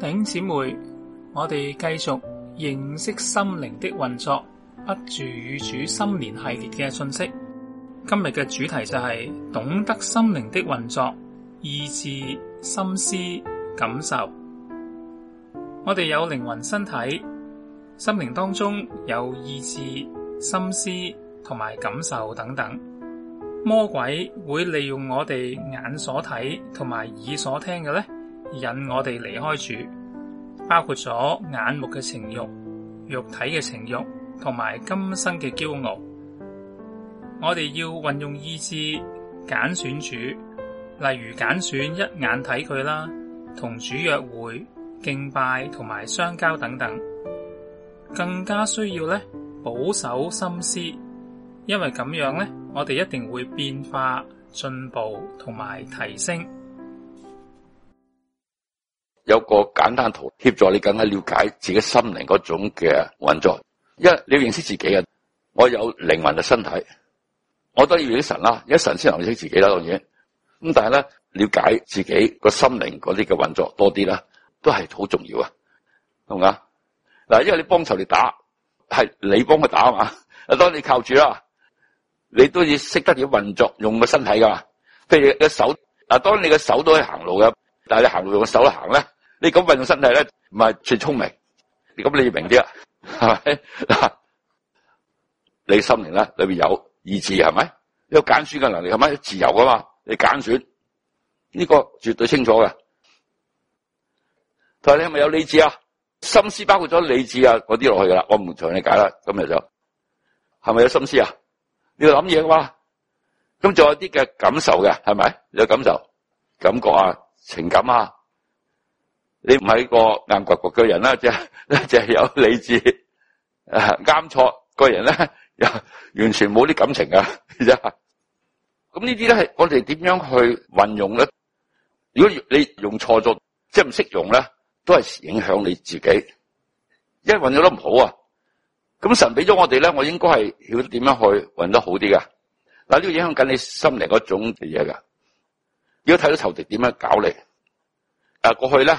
弟兄姊妹，我哋繼續認識心靈的運作，不住與主心連系列嘅信息。今日嘅主題就係、是、懂得心靈的運作，意志、心思、感受。我哋有靈魂、身體、心靈當中有意志、心思同埋感受等等。魔鬼會利用我哋眼所睇同埋耳所聽嘅呢。引我哋離開主，包括咗眼目嘅情欲、肉體嘅情欲，同埋今生嘅驕傲。我哋要運用意志揀選主，例如揀選一眼睇佢啦，同主約會、敬拜同埋相交等等。更加需要咧保守心思，因為咁樣咧，我哋一定會變化、進步同埋提升。有個簡單圖協助你更加了解自己心靈嗰種嘅運作，因為你要認識自己啊！我有靈魂嘅身體，我都要認識神啦。而家神先能認識自己啦，當然咁，但係咧了解自己個心靈嗰啲嘅運作多啲啦，都係好重要啊，同唔同啊？嗱，因為你幫手嚟打，係你幫佢打嘛？啊，當你靠住啦，你都要識得要運作用個身體噶，譬如你手嗱，當你嘅手都可以行路嘅，但係你行路用個手行咧？你咁運用身體咧，唔係最聰明。咁你明啲呀？係咪？嗱，你心靈咧裏邊有意志，係咪？有揀選嘅能力，係咪？自由噶嘛，你揀選呢個絕對清楚嘅。但係你係咪有理智啊？心思包括咗理智啊嗰啲落去噶啦，我唔同你解啦。今日就係咪有心思啊？你要諗嘢嘅話，咁仲有啲嘅感受嘅，係咪？有感受、感覺啊、情感啊。你唔係個硬掘掘嘅人啦，就係、是、係有理智，啊啱錯個人咧、啊，完全冇啲感情噶，咁、啊、呢啲咧係我哋點樣去運用咧？如果你用錯咗，即係唔識用咧，都係影響你自己。因為運用得唔好啊，咁神俾咗我哋咧，我應該係曉得點樣去運得好啲噶？嗱、啊，呢、這個影響緊你心靈嗰種嘅嘢噶。如果睇到仇敵點樣搞你，啊過去咧。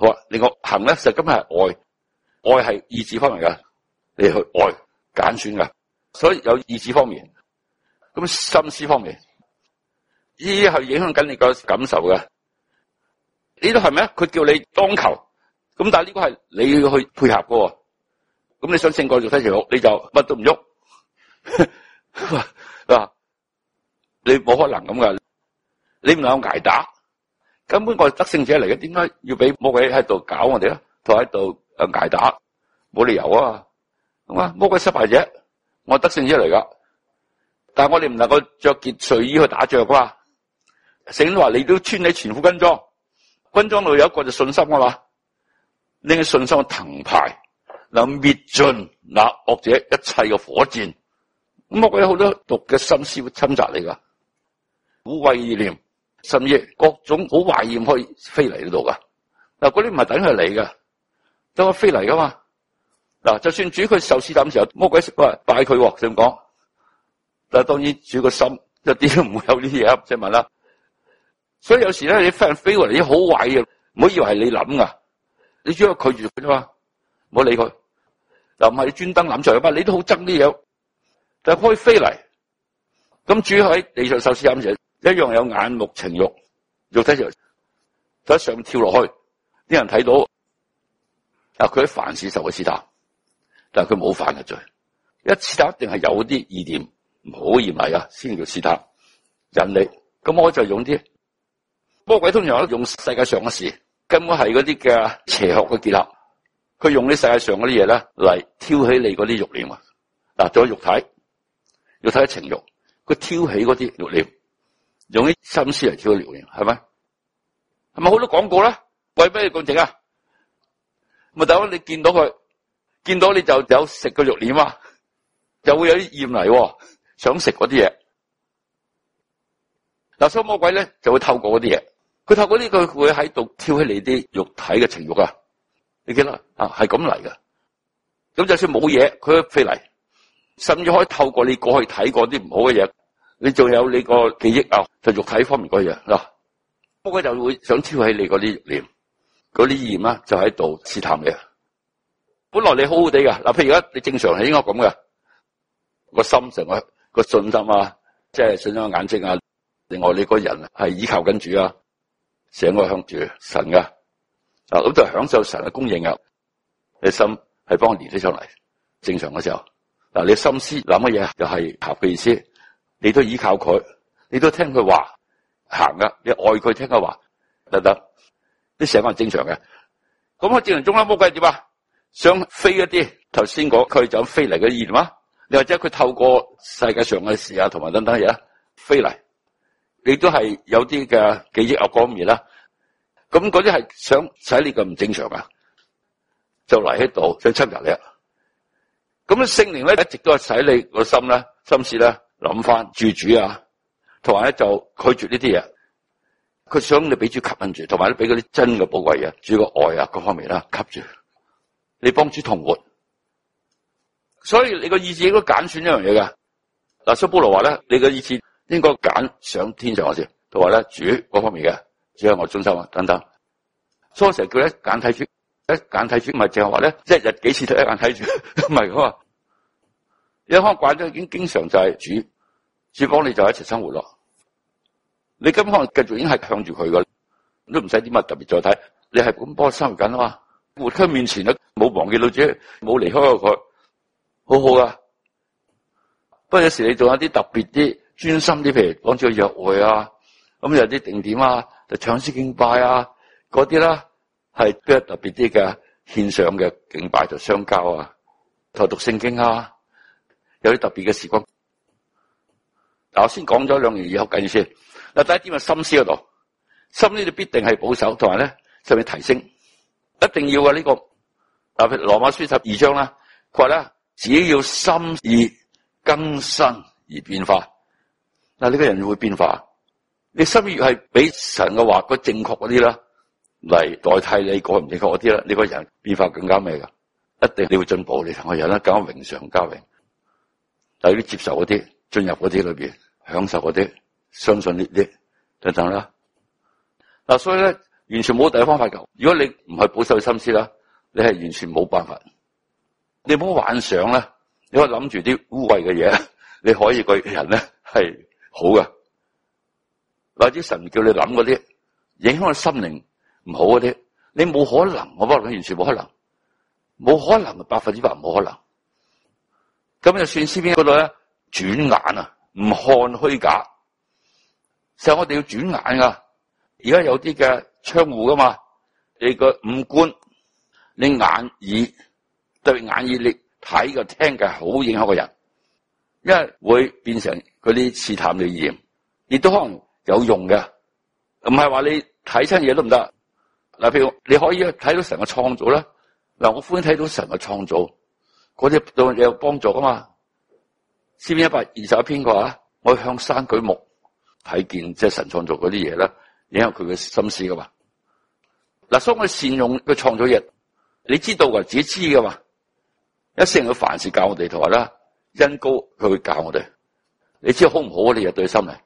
好啊！另外行咧，就今日係愛，愛係意志方面嘅，你去愛揀選嘅，所以有意志方面，咁心思方面，呢啲係影響緊你個感受嘅。呢啲係咩？佢叫你當求，咁但係呢個係你要去配合嘅喎。咁你想勝過做三條路，你就乜都唔喐，嗱，你冇可能咁噶，你唔能夠捱打。根本我係得勝者嚟嘅，點解要俾魔鬼喺度搞我哋咧？同喺度誒挨打，冇理由啊！係魔鬼失敗者，我係得勝者嚟噶。但係我哋唔能夠着件睡衣去打仗啩、啊？成日都話你都穿起全副軍裝，軍裝度有一個就信心噶、啊、啦，拎起信心籐牌，能滅盡那惡者一切嘅火箭。咁魔鬼有好多毒嘅心思侵襲你噶，好怪意念。甚至各種好懷念可以飛嚟呢度噶嗱，嗰啲唔係等佢嚟噶，等係飛嚟噶嘛嗱。就算主佢受試探時候，魔鬼食班拜佢喎、啊，咁講。但係當然主個心一啲都唔會有呢啲嘢，即係問啦。所以有時咧，你飛人飛過嚟啲好壞嘢，唔好以為係你諗噶，你主要過拒絕佢啫嘛，唔好理佢嗱。唔係你專登諗住佢你都好憎呢樣，但係可以飛嚟。咁主喺地上受試探時候。一樣有眼目情、目、情欲、肉體，就喺上跳落去，啲人睇到。嗱，佢喺凡事受嘅試探，但係佢冇犯嘅罪。一次試探一定係有啲疑念，唔好疑迷啊，先叫試探。引你，咁我就用啲魔鬼通常用世界上嘅事，根本係嗰啲嘅邪學嘅結合。佢用啲世界上嗰啲嘢咧嚟挑起你嗰啲肉念啊！嗱，仲有肉體、肉體情欲，佢挑起嗰啲肉念。用啲心思嚟挑撩你，係咪？係咪好多廣告咧？為咩咁整啊？咪等你見到佢，見到你就有食個肉簾啊，就會有啲厭嚟，想食嗰啲嘢。嗱，所以魔鬼咧就會透過嗰啲嘢，佢透過呢、這個佢會喺度挑起你啲肉體嘅情欲啊！你見啦啊，係咁嚟噶。咁就算冇嘢，佢都飛嚟，甚至可以透過你過去睇過啲唔好嘅嘢。你仲有你個記憶啊？就是，肉體方面嗰樣嗱，不過就會想挑起你嗰啲念，嗰啲意啊，就喺度試探你。本來你好好地噶嗱，譬如而家你正常係應該咁㗎，個心成啊，個信心啊，即係信心眼睛啊，另外你個人係依靠緊主啊，整個向住神噶，啊咁就享受神嘅供應啊。你心係幫我連起上嚟，正常嘅時候嗱，你心思諗嘅嘢就係合嘅意思。你都依靠佢，你都聽佢話行噶，你愛佢聽佢話得得，啲寫法正常嘅。咁我正常中間冇計，點啊，想飛一啲頭先講佢就飛嚟嘅意嘛，又或者佢透過世界上嘅事啊，同埋等等嘢啊飛嚟，你都係有啲嘅記憶啊方面啦。咁嗰啲係想使你咁唔正常噶，就嚟喺度想侵入你啊。咁聖靈咧一直都係使你個心咧心思啦。諗翻住主啊，同埋咧就拒絕呢啲嘢，佢想你俾主吸引住，同埋咧俾嗰啲真嘅寶貴呀，主個愛啊各方面啦吸住，你幫主同活。所以你個意志應該揀選一樣嘢噶。嗱蘇波羅話咧，你個意志應該揀上天上我先，同埋咧主嗰方面嘅，主係我中心啊等等。成日叫咧揀睇主，一揀睇主咪淨係話咧一日幾次睇一眼睇住，唔 係一開慣咗已經經常就係主，住房你就一齊生活咯。你根本可能繼續已經係向住佢噶，都唔使啲乜特別再睇。你係咁幫我生緊啊嘛，活喺面前啊，冇忘記老主，冇離開過佢，好好㗎。不過有時你仲有啲特別啲、專心啲，譬如講住約會啊，咁、嗯、有啲定點啊，就搶、是、尸敬拜啊，嗰啲啦，係比較特別啲嘅獻上嘅敬拜就相交啊，讀讀聖經啊。有啲特別嘅時光，嗱我先講咗兩樣嘢，以後緊先。第一點係心思嗰度，心思就必定係保守，同埋呢，就係提升，一定要嘅呢個。嗱譬如羅馬書十二章啦，佢話咧只要心意更新而變化，嗱呢個人會變化。你心意係比神嘅話嗰正確嗰啲啦，嚟代替你改唔正確嗰啲啦，呢個人變化更加咩噶？一定你會進步，你同個人咧更加榮上加榮。就啲接受嗰啲，進入嗰啲裏邊，享受嗰啲，相信呢啲等等啦。嗱，所以咧，完全冇第二方法噶。如果你唔係保守心思啦，你係完全冇辦法。你唔好幻想啦，你可以諗住啲污穢嘅嘢，你可以個人咧係好嘅。或者神叫你諗嗰啲影響你心靈唔好嗰啲，你冇可能，我話你完全冇可能，冇可能，百分之百冇可能。咁就算詩篇嗰度咧，轉眼啊，唔看虛假，就係我哋要轉眼噶。而家有啲嘅窗戶噶嘛，你個五官，你眼耳，對眼耳力睇嘅聽嘅，好影響個人，因為會變成佢啲刺探嘅意念，亦都可能有用嘅。唔係話你睇親嘢都唔得，嗱，譬如你可以睇到神嘅創造啦，嗱，我歡喜睇到神嘅創造。嗰啲對我有幫助啊嘛，詩篇一百二十一篇嘅話，我向山舉目睇見，即神創造嗰啲嘢咧，影響佢嘅心思噶嘛。嗱，所以佢善用佢創造日，你知道噶，自己知噶嘛。一成佢凡事教我哋同埋啦，恩高佢會教我哋，你知道好唔好你日對心啊？